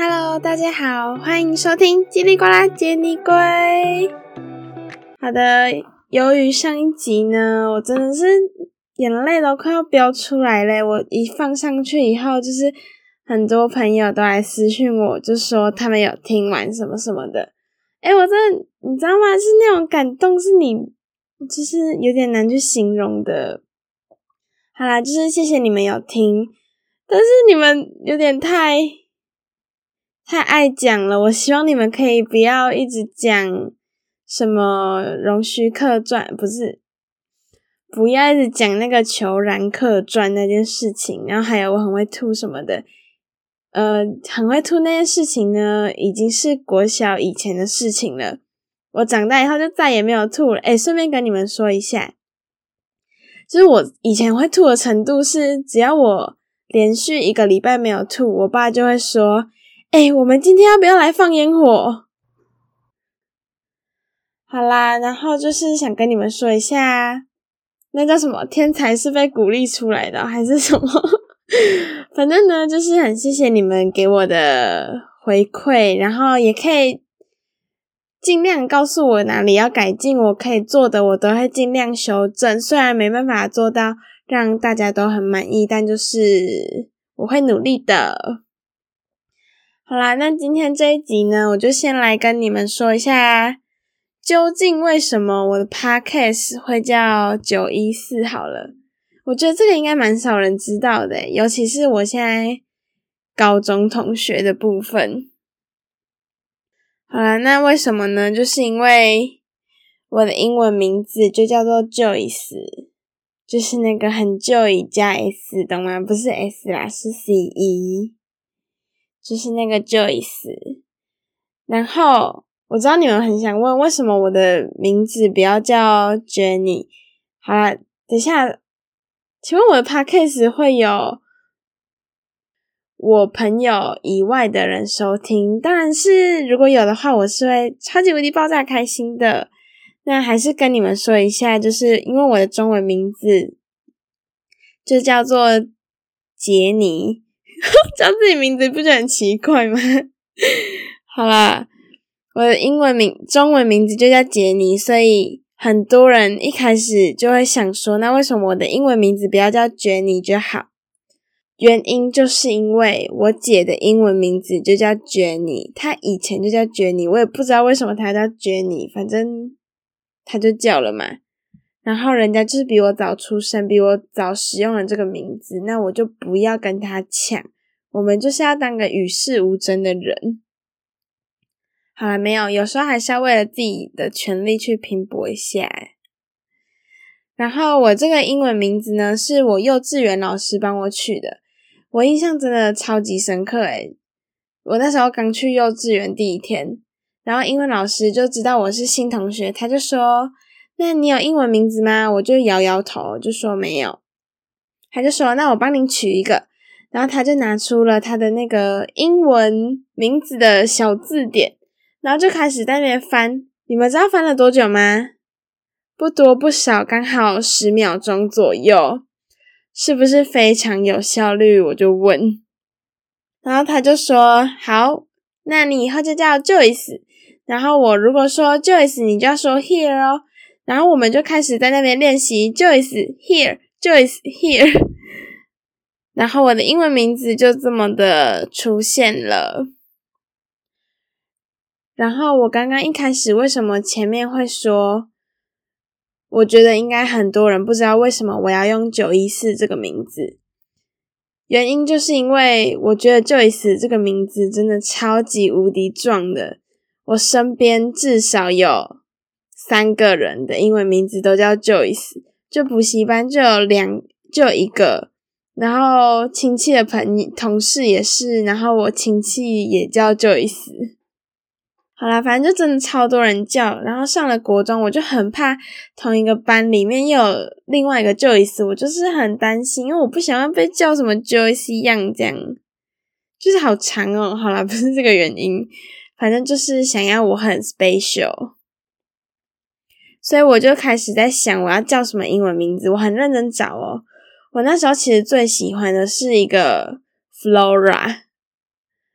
哈嘍，Hello，大家好，歡迎收聽《嘰里呱啦傑尼龜》。好的，由於上一集呢，我真的是眼淚都快要飆出來嘞。我一放上去以後，就是很多朋友都來私信我，就說他們有聽完什麼什麼的。哎，我真的，你知道嗎？是那種感動，是你，就是有點難去形容的。好啦，就是謝謝你們有聽，但是你們有點太。太愛講了，我希望你們可以不要一直講什麼《容須客傳》，不是，不要一直講那個求然客傳那件事情。然後還有我很會吐什麼的，呃，很會吐那件事情呢，已經是國小以前的事情了。我長大以後就再也沒有吐了。哎、欸，順便跟你們說一下，就是我以前會吐的程度是，只要我連續一個禮拜沒有吐，我爸就會說。哎、欸，我們今天要不要來放煙火？好啦，然後就是想跟你們說一下，那叫什麼？天才是被鼓勵出來的，還是什麼？反正呢，就是很謝謝你們給我的回饋，然後也可以盡量告訴我哪裡要改進，我可以做的，我都會盡量修正。雖然沒辦法做到讓大家都很滿意，但就是我會努力的。好啦，那今天這一集呢，我就先來跟你們說一下，究竟為什麼我的 podcast 會叫九一四？好了，我覺得這個應該蠻少人知道的，尤其是我現在高中同學的部分。好啦，那為什麼呢？就是因為我的英文名字就叫做 Joyce，就是那個很 Joy 加 S，懂嗎？不是 S 啦，是 C E。就是那個 Joyce，然後我知道你們很想問為什麼我的名字不要叫 Jenny。好了，等一下，請問我的 podcast 會有我朋友以外的人收聽？當然是如果有的話，我是會超級無敵爆炸開心的。那還是跟你們說一下，就是因為我的中文名字就叫做傑尼。 叫自己名字不就很奇怪嗎？好啦，我的英文名、中文名字就叫杰尼，所以很多人一開始就會想說：那為什麼我的英文名字不要叫杰尼就好？原因就是因為我姐的英文名字就叫杰尼，她以前就叫杰尼，我也不知道為什麼她叫杰尼，反正她就叫了嘛。然後人家就是比我早出生，比我早使用了這個名字，那我就不要跟他搶，我們就是要當個與世無爭的人。好了，沒有，有時候還是要為了自己的權利去拼搏一下，欸。然後我這個英文名字呢，是我幼稚園老師幫我取的，我印象真的超級深刻，欸。誒，我那時候剛去幼稚園第一天，然後英文老師就知道我是新同學，他就說。那你有英文名字嗎？我就搖搖頭，就說沒有。他就說：“那我幫你取一個。”然後他就拿出了他的那個英文名字的小字典，然後就開始在那邊翻。你們知道翻了多久嗎？不多不少，剛好十秒鐘左右，是不是非常有效率？我就問。然後他就說：“好，那你以後就叫 Joyce。”然後我如果說 Joyce，你就要說 Here 哦。然後我們就開始在那邊練習 here，Joyce here，Joyce here。然後我的英文名字就這麼的出現了。然後我剛剛一開始為什麼前面會說，我覺得應該很多人不知道為什麼我要用九一四這個名字，原因就是因為我覺得 Joyce 這個名字真的超級無敵撞的，我身邊至少有。三個人的英文名字都叫 Joyce，就補習班就有兩就有一個，然後親戚的朋友同事也是，然後我親戚也叫 Joyce。好啦，反正就真的超多人叫，然後上了國中我就很怕同一個班裡面又有另外一個 Joyce，我就是很擔心，因為我不想要被叫什麼 Joyce Yang 這樣，就是好長哦。好啦，不是這個原因，反正就是想要我很 special。所以我就開始在想我要叫什麼英文名字，我很認真找哦。我那時候其實最喜歡的是一個 Flora，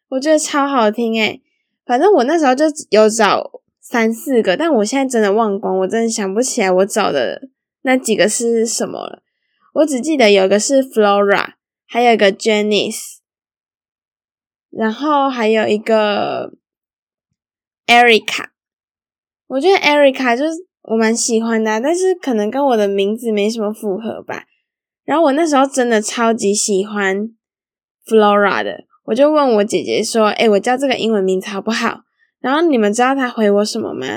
我覺得超好聽誒、欸，反正我那時候就有找三四個，但我現在真的忘光，我真的想不起來我找的那幾個是什麼了。我只記得有一個是 Flora，還有一個 Janice，然後還有一個 Erica，我覺得 Erica 就是。我蠻喜歡的、啊，但是可能跟我的名字沒什麼符合吧。然後我那時候真的超級喜歡 Flora 的，我就問我姐姐說：“哎、欸，我叫這個英文名字好不好？”然後你們知道她回我什麼嗎？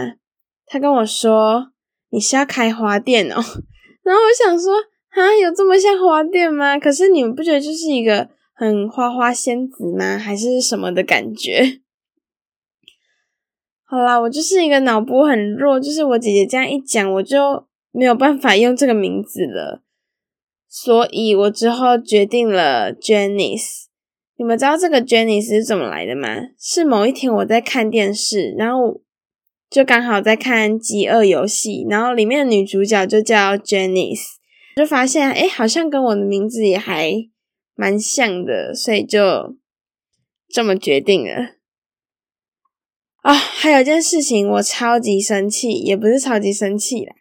她跟我說：“你是要開花店哦。”然後我想說：“啊，有這麼像花店嗎？”可是你們不覺得就是一個很花花仙子嗎？還是什麼的感覺？好啦，我就是一個腦波很弱，就是我姐姐這樣一講，我就沒有辦法用這個名字了，所以我之後決定了 Janice。你們知道這個 Janice 是怎麼來的嗎？是某一天我在看電視，然後就剛好在看《飢餓遊戲》，然後裡面的女主角就叫 Janice。就發現哎，好像跟我的名字也還蠻像的，所以就這麼決定了。啊，oh, 還有一件事情，我超級生氣，也不是超級生氣啦，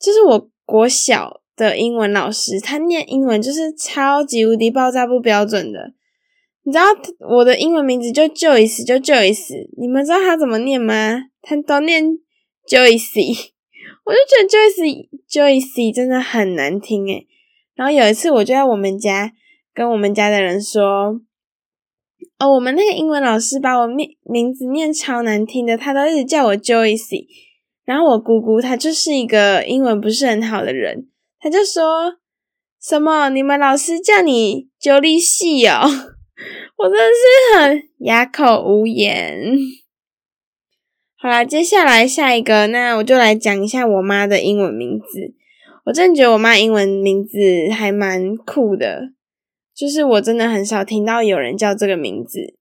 就是我國小的英文老師，他念英文就是超級無敵爆炸不標準的。你知道我的英文名字就 Joyce，就 Joyce，你們知道他怎麼念嗎？他都念 Joyce，我就覺得 Joyce Joyce 真的很難聽誒、欸。然後有一次，我就在我們家跟我們家的人說。哦，oh, 我們那個英文老師把我名名字念超難聽的，他都一直叫我 Joyce。然後我姑姑她就是一個英文不是很好的人，她就說什麼你們老師叫你 Joyce 哦，我真的是很啞口無言。好啦，接下來下一個，那我就來講一下我媽的英文名字。我真的覺得我媽英文名字還蠻酷的。就是我真的很少聽到有人叫這個名字，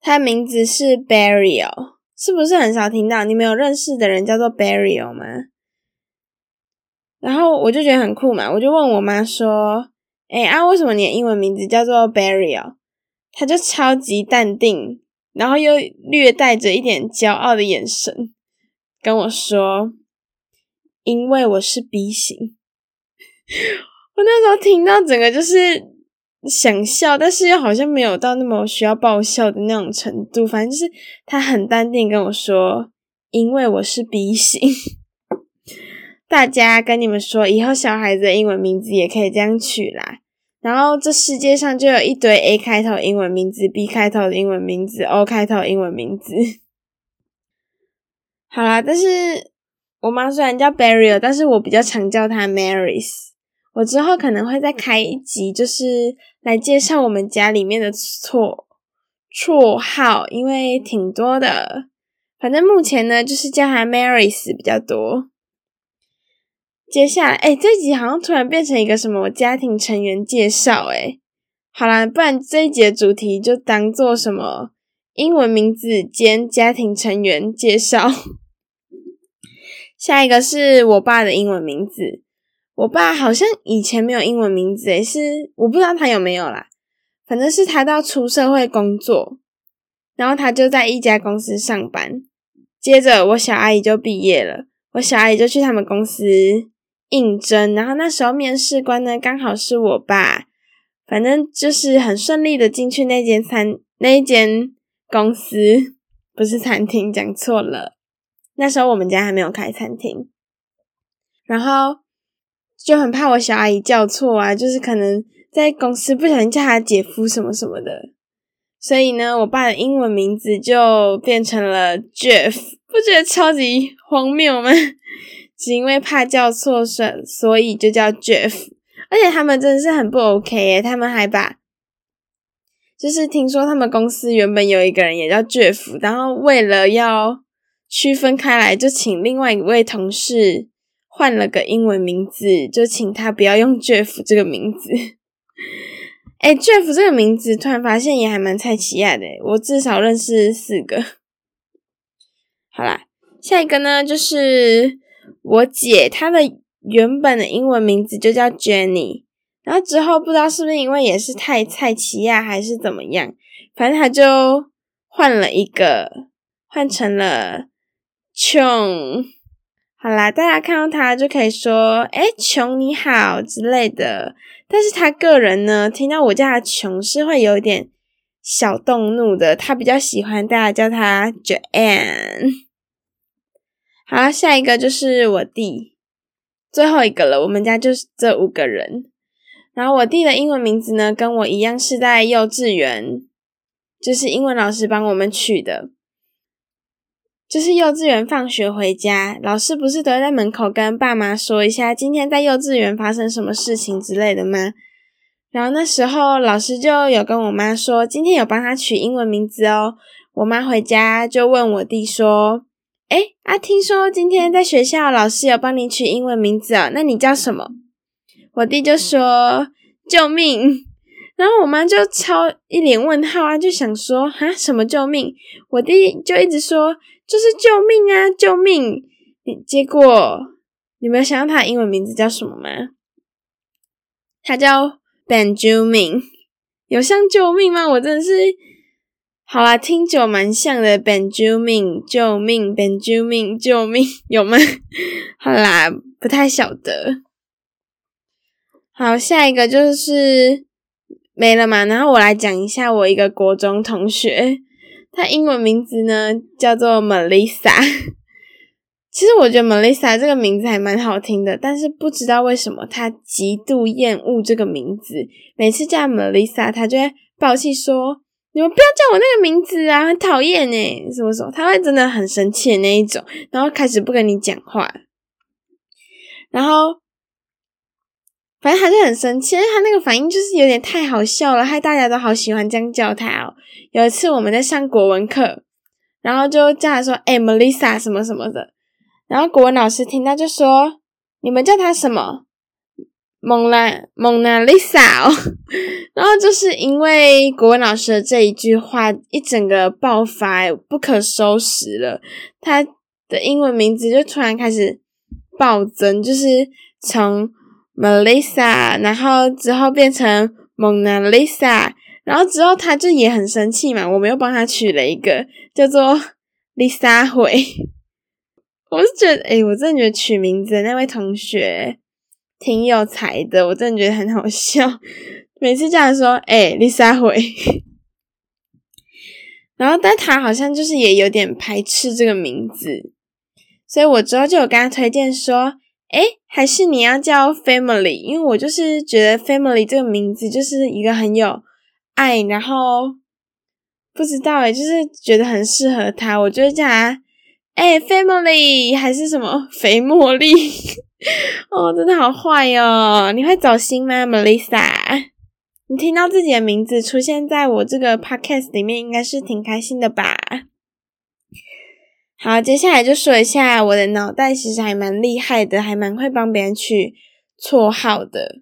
他的名字是 b a r r y l 是不是很少聽到？你沒有認識的人叫做 b a r r y l 嗎？然後我就覺得很酷嘛，我就問我媽說：“哎、欸、啊，為什麼你的英文名字叫做 b a r r y l 她就超級淡定，然後又略帶着一點驕傲的眼神跟我說：“因為我是 B 型。 ”我那時候聽到整個就是想笑，但是又好像沒有到那麼需要爆笑的那種程度。反正就是他很淡定跟我說：“因為我是 B 型， 大家跟你們說，以後小孩子的英文名字也可以這樣取啦。”然後這世界上就有一堆 A 開頭英文名字、B 開頭的英文名字、O 開頭英文名字。好啦，但是我媽雖然叫 Barry，但是我比較常叫她 Marys。我之後可能會再開一集，就是來介紹我們家裡面的綽綽號，因為挺多的。反正目前呢，就是叫他 Marys 比較多。接下來，哎、欸，這一集好像突然變成一個什麼家庭成員介紹，哎，好啦，不然這一集的主題就當做什麼英文名字兼家庭成員介紹。下一個是我爸的英文名字。我爸好像以前沒有英文名字誒，是我不知道他有沒有啦。反正是他到出社會工作，然後他就在一家公司上班。接着我小阿姨就畢業了，我小阿姨就去他們公司應徵，然後那時候面試官呢，剛好是我爸，反正就是很順利的進去那間餐，那間公司，不是餐廳，講錯了。那時候我們家還沒有開餐廳，然後。就很怕我小阿姨叫錯啊，就是可能在公司不小心叫他姐夫什麼什麼的，所以呢，我爸的英文名字就變成了 Jeff，不覺得超級荒謬嗎？只因為怕叫錯，所所以就叫 Jeff，而且他們真的是很不 OK、欸、他們還把，就是聽說他們公司原本有一個人也叫 Jeff，然後為了要區分開來，就請另外一位同事。換了個英文名字，就請他不要用 Jeff 這個名字。誒、欸、Jeff 這個名字突然發現也還蠻蔡奇亞的，我至少認識四個。好啦，下一個呢就是我姐，她的原本的英文名字就叫 Jenny，然後之後不知道是不是因為也是太蔡奇亞還是怎麼樣，反正她就換了一個，換成了 c 好啦，大家看到他就可以說“哎、欸，窮你好”之類的。但是他個人呢，聽到我叫他“窮”是會有一點小動怒的。他比較喜歡大家叫他 “Joanne”。好，下一個就是我弟，最後一個了。我們家就是這五個人。然後我弟的英文名字呢，跟我一樣是在幼稚園，就是英文老師幫我們取的。就是幼稚園放學回家，老師不是都會在門口跟爸媽說一下今天在幼稚園發生什麼事情之類的嗎？然後那時候老師就有跟我媽說，今天有幫他取英文名字哦。我媽回家就問我弟說：“哎、欸、啊，聽說今天在學校老師有幫你取英文名字哦，那你叫什麼？”我弟就說：“救命！”然後我媽就超一臉問號啊，就想說，啊什麼救命！我弟就一直說就是救命啊救命！結果你沒有想到他英文名字叫什麼嗎？他叫 Benjamin，有像救命嗎？我真的是，好啦，聽久蠻像的 Benjamin，救命 Benjamin，救命有嗎？ 好啦，不太曉得。好，下一個就是。沒了嘛，然後我來講一下我一個國中同學，他英文名字呢，叫做 Melissa。其實我覺得 Melissa 這個名字還蠻好聽的，但是不知道為什麼他極度厭惡這個名字，每次叫 Melissa，他就會爆氣說：“你們不要叫我那個名字啊，很討厭誒，什麼什麼，他會真的很生氣的那一種，然後開始不跟你講話，然後。”反正他就很生氣，因為他那個反應就是有點太好笑了，害大家都好喜歡這樣叫他喔。有一次我們在上國文課，然後就叫他說：“欸，Melissa 什麼什麼的。”然後國文老師聽到就說：“你們叫他什麼？”蒙娜蒙娜麗莎哦。 然後就是因為國文老師的這一句話，一整個爆發，欸，不可收拾了。他的英文名字就突然開始暴增，就是從。Melissa，然後之後變成蒙娜麗莎，然後之後他就也很生氣嘛。我們又幫他取了一個叫做 Lisa Hui 我是覺得，哎、欸，我真的覺得取名字的那位同學挺有才的，我真的覺得很好笑。每次這樣說，哎、欸、，Lisa、Hui。然後但他好像就是也有點排斥這個名字，所以，我之後就有跟他推薦說。哎，還是你要叫 Family，因為我就是覺得 Family 這個名字就是一個很有愛，然後不知道哎，就是覺得很適合他。我覺得叫他哎 Family 還是什麼肥茉莉， 哦，真的好壞喲、哦！你會走心嗎，Melissa？你聽到自己的名字出現在我這個 Podcast 裡面，應該是挺開心的吧？好，接下來就說一下我的腦袋，其實還蠻厲害的，還蠻會幫別人取綽號的。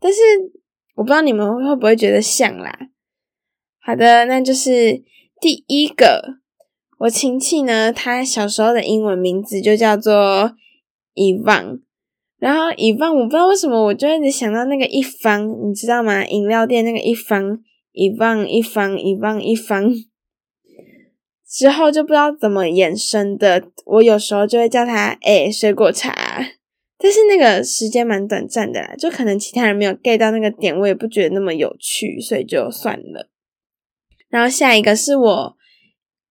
但是我不知道你們會不會覺得像啦。好的，那就是第一個我親戚呢，他小時候的英文名字就叫做 Evan。然後 Evan，我不知道為什麼我就一直想到那個一方，你知道嗎？飲料店那個一方，Evan 一方，Evan 一方。之後就不知道怎麼延伸的，我有時候就會叫他哎、欸、水果茶，但是那個時間蠻短暫的啦，就可能其他人沒有 get 到那個點，我也不覺得那麼有趣，所以就算了。然後下一個是我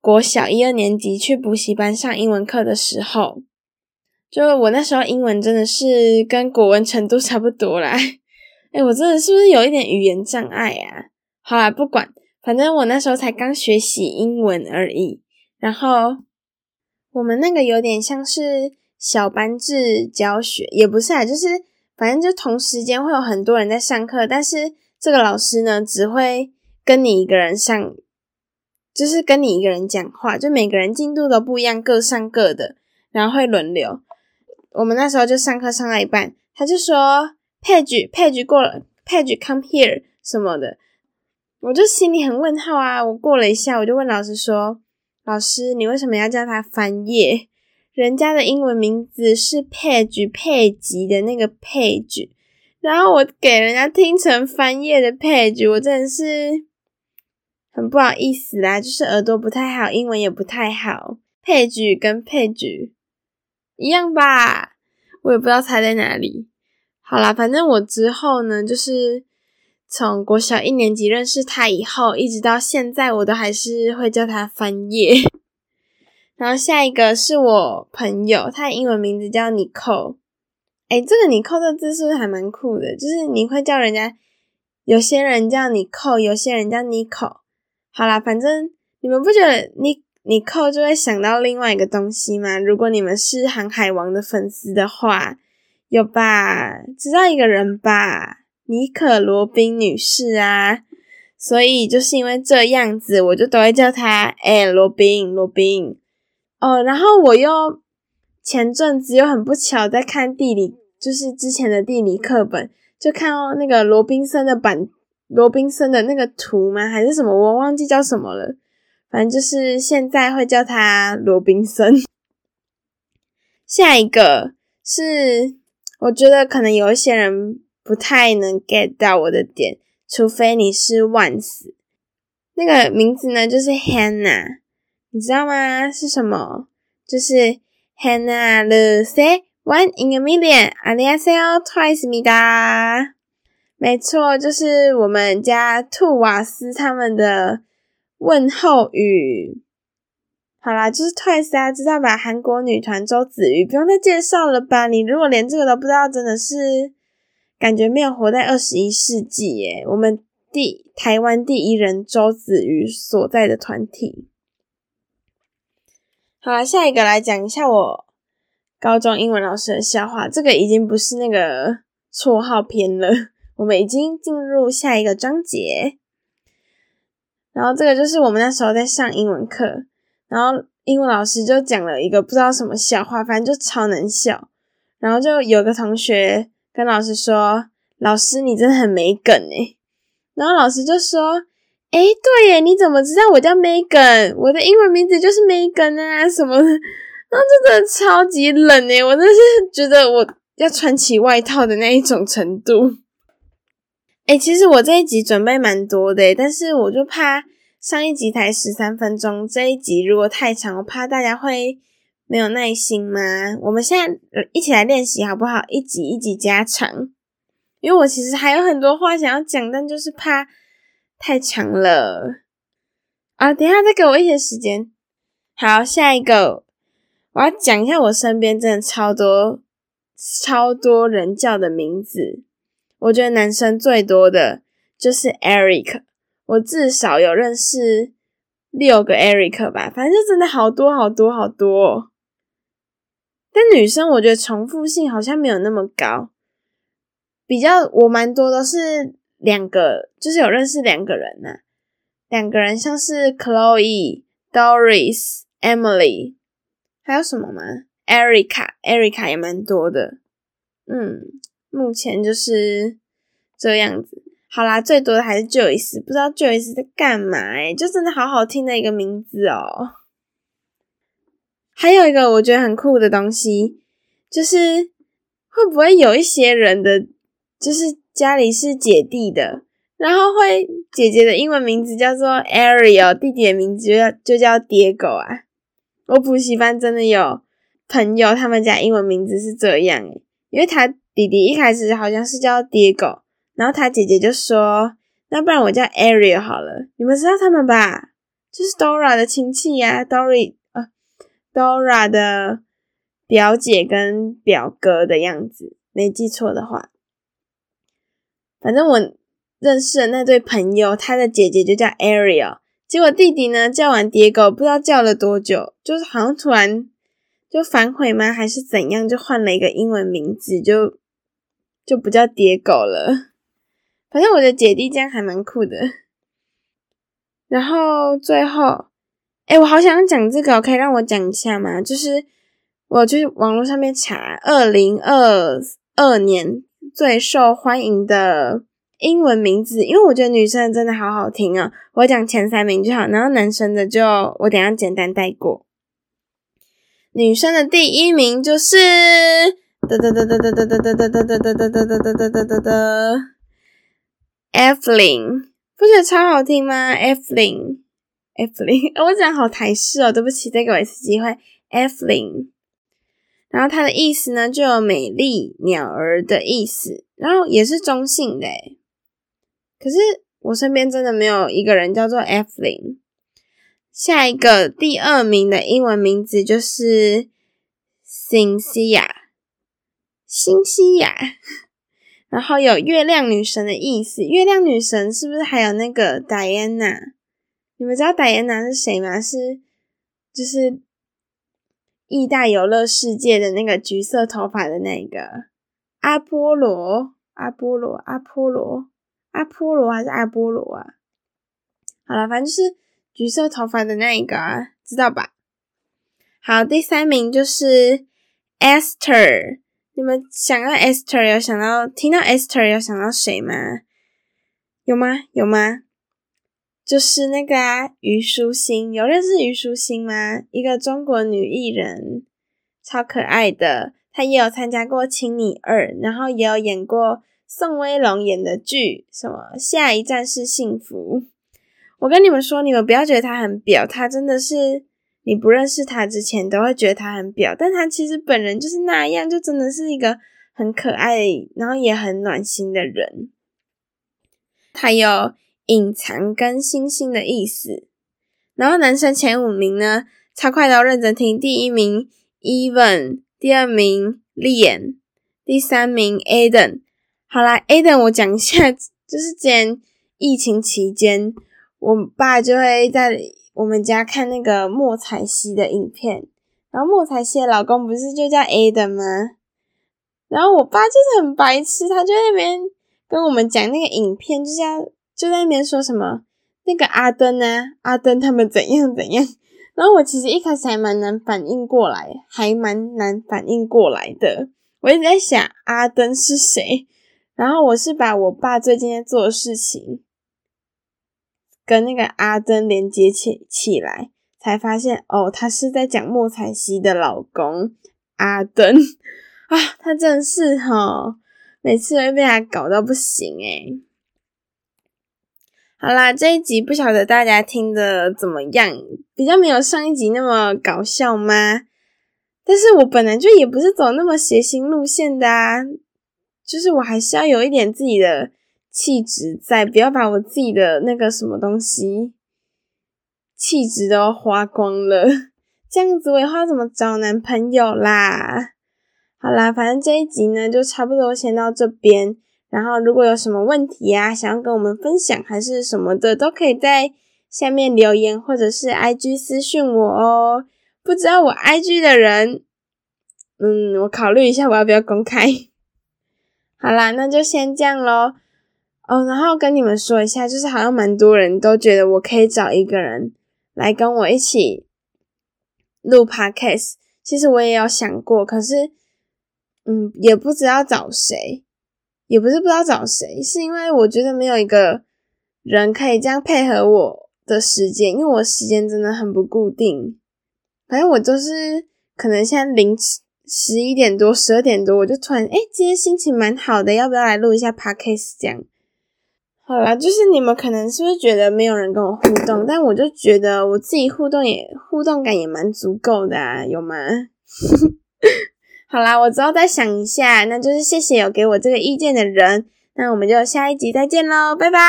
國小一二年級去補習班上英文課的時候，就我那時候英文真的是跟國文程度差不多啦，哎、欸，我真的是不是有一點語言障礙啊？好啦，不管。反正我那時候才剛學習英文而已，然後我們那個有點像是小班制教學，也不是啊，就是反正就同時間會有很多人在上課，但是這個老師呢只會跟你一個人上，就是跟你一個人講話，就每個人進度都不一樣，各上各的，然後會輪流。我們那時候就上課上到一半，他就說 page, page page 過了，page come here 什麼的。我就心裡很問號啊！我過了一下，我就問老師說：“老師，你為什麼要叫他翻頁？人家的英文名字是 Page，佩吉的那個 Page，然後我給人家聽成翻頁的 Page，我真的是很不好意思啦！就是耳朵不太好，英文也不太好，Page 跟 Page 一樣吧？我也不知道差在哪裡。好啦，反正我之後呢，就是。”從國小一年級認識他以後，一直到現在，我都還是會叫他翻頁。 然後下一個是我朋友，他的英文名字叫 Nico。誒，這個 Nico 這字是不是還蠻酷的？就是你會叫人家，有些人叫 Nico，有些人叫 Nico。好啦，反正你們不覺得 Nico 就會想到另外一個東西嗎？如果你們是《航海王》的粉絲的話，有吧？知道一個人吧？妮可·羅賓女士啊，所以就是因為這樣子，我就都會叫他哎，羅賓，羅賓。哦，然後我又前陣子又很不巧在看地理，就是之前的地理課本，就看到、哦、那個羅賓森的版，羅賓森的那個圖嗎？還是什麼？我忘記叫什麼了。反正就是現在會叫他羅賓森。下一個是，我覺得可能有一些人。不太能 get 到我的點，除非你是 once。那個名字呢，就是 Hannah，你知道嗎？是什麼？就是 Hannah Lucy One in a Million， 안녕하세요 Twice 입니다， 沒錯，就是我們家兔瓦斯他們的問候語。好啦，就是 Twice 啊，知道吧？韓國女團周子瑜，不用再介紹了吧？你如果連這個都不知道，真的是。感覺沒有活在二十一世紀耶！我們第台灣第一人周子瑜所在的團體。好了，下一個來講一下我高中英文老師的笑話。這個已經不是那個綽號篇了，我們已經進入下一個章節。然後這個就是我們那時候在上英文課，然後英文老師就講了一個不知道什麼笑話，反正就超能笑。然後就有個同學，跟老師說：“老師，你真的很沒梗哎。”然後老師就說：“哎、欸，對耶，你怎麼知道我叫 Megan？我的英文名字就是 Megan 啊什麼的。”然後真的超級冷哎，我真的是覺得我要穿起外套的那一種程度。哎、欸，其實我這一集準備蠻多的，但是我就怕上一集才十三分鐘，這一集如果太長，我怕大家會。沒有耐心嗎？我們現在一起來練習好不好？一集一集加長，因為我其實還有很多話想要講，但就是怕太長了啊！等一下再給我一些時間。好，下一個，我要講一下我身邊真的超多超多人叫的名字。我覺得男生最多的就是 Eric，我至少有認識六個 Eric 吧，反正就真的好多好多好多。但女生，我覺得重複性好像沒有那麼高。比較我蠻多的是兩個，就是有認識兩個人吶、啊，兩個人像是 Chloe、Doris、Emily，還有什麼嗎？Erica、Erica 也蠻多的。嗯，目前就是這樣子。好啦，最多的還是 Joyce，不知道 Joyce 在幹嘛、欸？哎，就真的好好聽的一個名字哦。還有一個我覺得很酷的東西，就是會不會有一些人的就是家裡是姐弟的，然後會姐姐的英文名字叫做 Ariel，弟弟的名字就叫就叫 Diego 啊。我補習班真的有朋友，他們家英文名字是這樣，因為他弟弟一開始好像是叫 Diego，然後他姐姐就說，那不然我叫 Ariel 好了。你們知道他們吧？就是 Dora 的親戚呀，啊，Dora。Dora 的表姐跟表哥的樣子，沒記錯的話，反正我認識的那對朋友，他的姐姐就叫 Ariel，結果弟弟呢，叫完爹狗，不知道叫了多久，就是好像突然就反悔嗎？還是怎樣？就換了一個英文名字，就就不叫爹狗了。反正我的姐弟這樣還蠻酷的，然後最後。誒我好想講這個，可以讓我講一下嗎？就是我去網絡上面查二零二二年最受歡迎的英文名字，因為我覺得女生真的好好聽啊，我講前三名就好，然後男生的就我等下簡單帶過。女生的第一名就是噠噠噠噠噠噠噠噠噠噠噠噠噠噠噠噠噠噠噠的，Evelyn，不覺得超好聽嗎？Evelyn。F 林。哦，我講好台式哦，對不起，再給我一次機會。F 林，然後它的意思呢，就有美麗鳥兒的意思，然後也是中性的。可是我身邊真的沒有一個人叫做 F 林。下一個第二名的英文名字就是辛西亞。辛西亞，然後有月亮女神的意思。月亮女神是不是還有那個 Diana？你們知道代言人是誰嗎？是就是義大遊樂世界的那個橘色頭髮的那個阿波羅，阿波羅，阿波羅，阿波羅還是阿波羅啊？好了，反正就是橘色頭髮的那一個，啊，知道吧？好，第三名就是 Esther。你們想到 Esther，有想到聽到 Esther，有想到誰嗎？有嗎？有嗎？就是那個啊，虞書欣，有認識虞書欣嗎？一個中國女藝人，超可愛的，她也有參加過《青你二》，然後也有演過宋威龍演的劇，什麼《下一站是幸福》。我跟你們說，你們不要覺得她很婊，她真的是你不認識她之前都會覺得她很婊，但她其實本人就是那樣，就真的是一個很可愛，然後也很暖心的人。她有。隱藏跟星星的意思，然後男生前五名呢，超快刀認真聽。第一名 Even，第二名 Leon，第三名 Adam。好啦，Adam，我講一下，就是前疫情期間，我爸就會在我們家看那個莫彩曦的影片，然後莫彩曦的老公不是就叫 Adam 嗎？然後我爸就是很白痴，他就那邊跟我們講那個影片，就像。就在那邊說什麼那個阿登呢、啊？阿登他們怎樣怎樣？然後我其實一開始還蠻能反應過來，還蠻難反應過來的。我一直在想阿登是誰？然後我是把我爸最近在做的事情跟那個阿登連接起起來，才發現哦，他是在講莫彩曦的老公阿登啊！他真的是哈、哦，每次都被他搞到不行誒好啦，這一集不曉得大家聽的怎麼樣，比較沒有上一集那麼搞笑嗎？但是我本來就也不是走那麼諧星路線的啊，就是我還是要有一點自己的氣質在，不要把我自己的那個什麼東西氣質都花光了，這樣子我以後要怎麼找男朋友啦？好啦，反正這一集呢就差不多先到這邊。然後，如果有什麼問題啊，想要跟我們分享還是什麼的，都可以在下面留言，或者是 IG 私訊我哦。不知道我 IG 的人，嗯，我考慮一下，我要不要公開？好啦，那就先這樣咯。哦，然後跟你們說一下，就是好像蠻多人都覺得我可以找一個人來跟我一起錄 Podcast。其實我也有想過，可是，嗯，也不知道找誰。也不是不知道找誰，是因為我覺得沒有一個人可以這樣配合我的時間，因為我時間真的很不固定。反正我就是可能現在凌晨十一點多、十二點多，我就突然哎、欸，今天心情蠻好的，要不要來錄一下 Podcast 這樣。好啦，就是你們可能是不是覺得沒有人跟我互動，但我就覺得我自己互動也互動感也蠻足夠的、啊，有嗎？ 好啦，我之後再想一下，那就是謝謝有給我這個意見的人，那我們就下一集再見嘍，拜拜。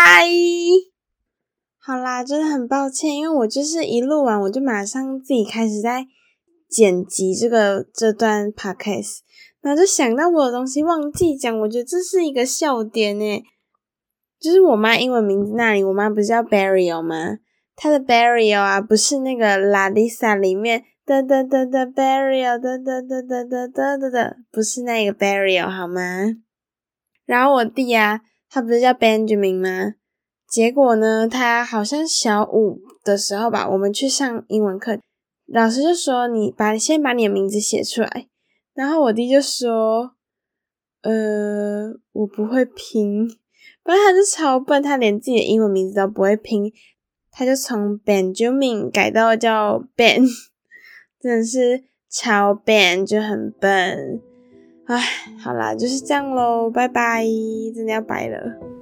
好啦，真的很抱歉，因為我就是一錄完、啊，我就馬上自己開始在剪輯這個這段 podcast，然後就想到我的東西忘記講，我覺得這是一個笑點誒、欸，就是我媽英文名字那裡，我媽不是叫 Burial 嗎？她的 Burial 啊，不是那個 Lalisa 裡面。噔噔噔噔，barrier，噔噔噔噔噔噔噔，不是那個 barrier 好嗎？然後我弟啊，他不是叫 Benjamin 嗎？結果呢，他好像小五的時候吧，我們去上英文課，老師就說，你把先把你的名字寫出來。然後我弟就說：“呃，我不會拼。”反正他就超笨，他連自己的英文名字都不會拼，他就從 Benjamin 改到叫 Ben。真的是超笨，就很笨，唉，好啦，就是這樣嘍，拜拜，真的要拜了。